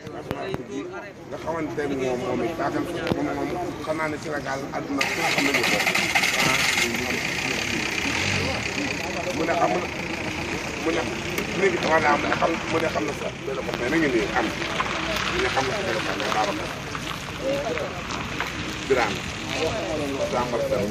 nga xamante ne moom moom it baaxal moom moom xam naa ne Sénégal àdduna ku xam nañu ko mu ne xam mu ne léegi dafa daa mën a xam mu ne xam na sa téléphone mais mi ngi nii am ñu xam na sa téléphone mais baaxal na Birame Sambal Sall.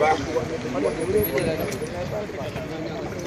baax.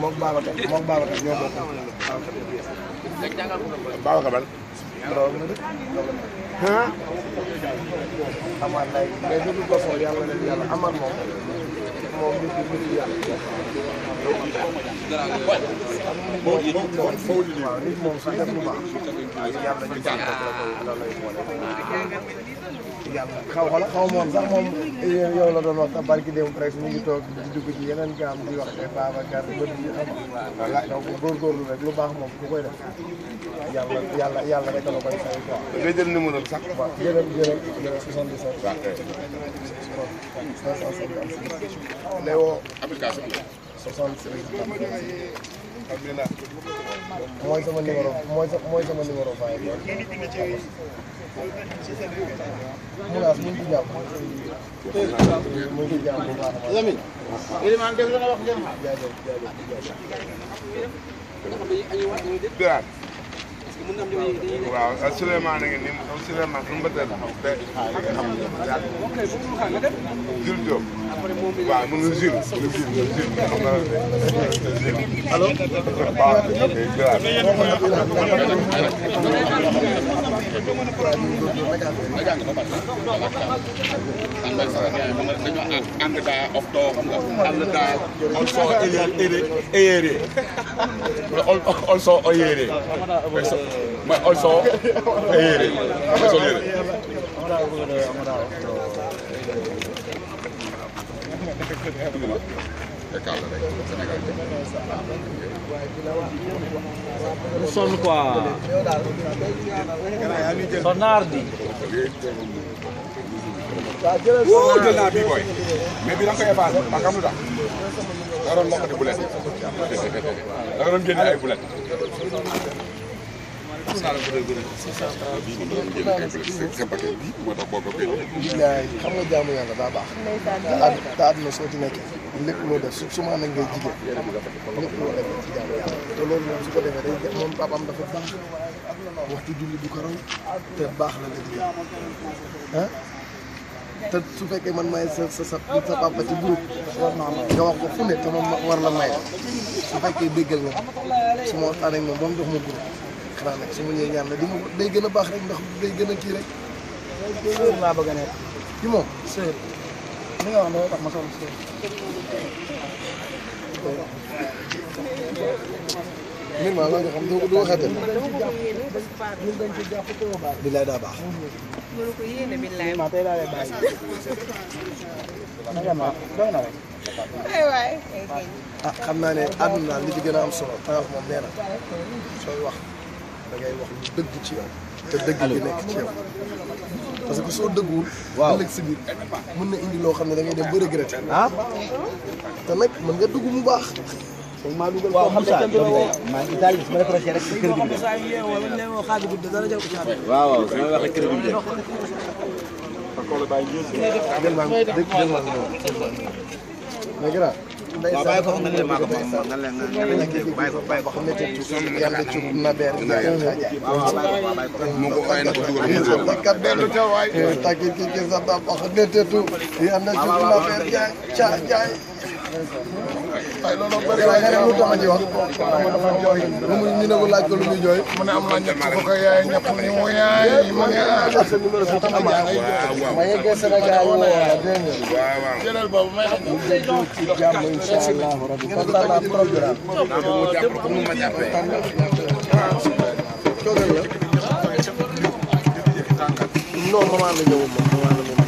moom Babacar moom Babacar ñoo bokk. Babacar ban. Ndao la dëkk Ndao la dëkk. ah. Amath Ndao mais déglu ko foofu yàlla na yàlla Amath moom. moom nit ñi nit ñi yàlla. nit moom su def lu baax yàlla ñu jàng ko la lay boole. yàlla xaw xaw moom sax moom yow la doon wax sax barki démb presque ñu ngi toog di dugg ci yeneen gaam di wax ne Babacar bët yi am. voilà donc góorgóorlu rek lu baax moom ku koy def yàlla yàlla yàlla rek la koy fay quoi. nga jël numéro bi sax. waaw jërëjëf jërëjëf 77. 556. léwo application la 76 mooy sama numéro mooy mooy sama numéro faay menace mu ngi ci jàpp mu ngi ci jàpp bu baax Lamine Elimane def la nga wax ngeen xam jaajëf jaajëf waaw Souleymane a ngi nii Souleymane fu mu bëgg a taxaw. waaw mu ngi jur mu ngi jur jur xam nga jur allo waaw dañoo ànd daa of doo xam nga ànd daa also eyere also eyere mais also eyere also eyere sonn quoi sonardi wuu jël naa bii booy mais bii da nga koy effacé parce que am lu tax da nga doon mboq di bulet da nga doon génne ay bulet bilaay xam nga jaamu yàlla daa baax te àdduna soo ci nekkee lépp loo def su ma nag ngay jigéen lépp loo def ci jaamu yàlla te loolu su ko defee day moom papaam dafa baax waxtu julli du ko te baax la nga jigéen ah te su fekkee man may sa sa sa papa ci groupe nga wax ko fu ne te ma war la may su fekkee déggal nga su ma waxtaan ak moom ba jox ma groupe baax nag su ma ñëwee ñaan la di nga day gën a baax rek ndax day gën a kii rek. sër laa bëgg a nekk. ci moom sër. li nga wax ma soxla sër. mbir maa ngi xam ko doo xeetal. bilaay daa baax. ma tey daal lay xam naa ne àdduna li ci gën a am solo tawaf da ngay wax lu dëgg ci yow. te dëgg bi nekk ci yow. parce que soo dëgguwul. waaw ëllëg si biir mën na indi loo xam ne da ngay dem ba regretté. ah. te nag mën nga dugg mu baax. sëñ maa dugal waaw xam nga doom tey maa ngi Italie su ma décroché rek crédit bi de. waaw waaw su ma waxee crédit bi de. jël maa ngi dégg jël maa ngi waaw bàyyi ko xam ne maa ko moom moom nan la ñu naan bàyyi ko bàyyi ko xam ne yàlla ci na beer bi waaw bàyyi ko mu ko ay na ko dugal mu dugal ka belu te waay tagi ki ki sa ba wax ne te tu yàlla ci eh, na beer jaay jaay waaye looloo bëri waaye nga ne lu tax a ji wax lu mu ñu ne ko laaj ko lu muy jooy mu ne am naa ñëpp ko ko yaay ñëpp ñu mu yaay mu ne ma yeggee Sénégal woo la dégg nga jëlal boobu may xam ñu ci jàmm incha allahu rabbi kontaan naa trop daal non maman la ñëw moom maman la ñëw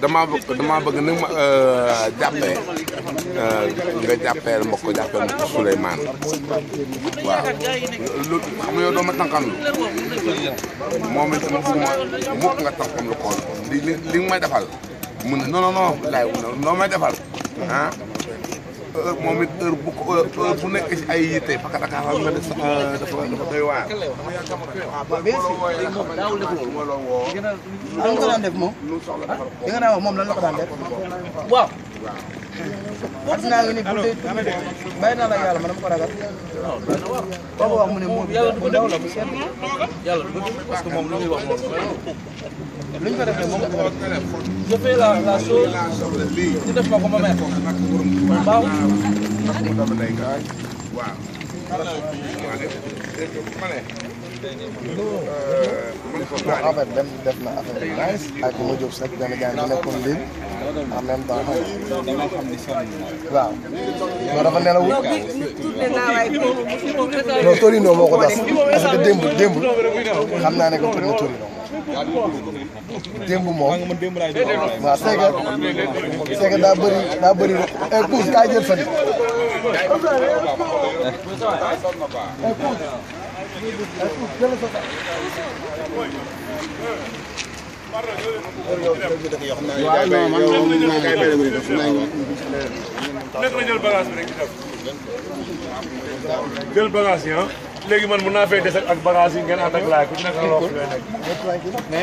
damaa bëgg damaa bëgg ni ma jàppee nga jàppeel ma ko jàppeel ma ko waaw lu xam nga yow doo ma lu moom it ma bëgg ma mukk nga tànkam lu ko li may defal mu ne non non non laay noo may defal ah. moom it heure bu ko heure bu nekk ci ay yitte parce que Dakar xam nga ne dafa dafa doy waar. waaw bien moom daawul daan def moom. li daan wax moom la ko daan def. waaw. at naa ngi ni bu dee tuuti bàyyi naa la yàlla ma dama ko ragal. waaw dana war kooku wax mu ne moom yàlla du ko def la bu seet. yàlla du ko def parce que moom lu muy wax moom lu ñu ko defee moom je fais la la chose ñu def ma ko ma euh, may ko baaw. waaw. en fait dem def na affaire bi ak ma jóg sax dana jàng nekkoon léegi. en même ne la wut. non Torino moo ko tas parce que démb démb naa ne que Torino Torino démb moom waaw c'est que c'est que daa bëri waaw non man moom maa ngi nekk na jël bagage bi rek di def. jël bagage yi ah. léegi man mun naa fay ak bagage yi ngeen ànd ak laay ku nekk loo xam ne.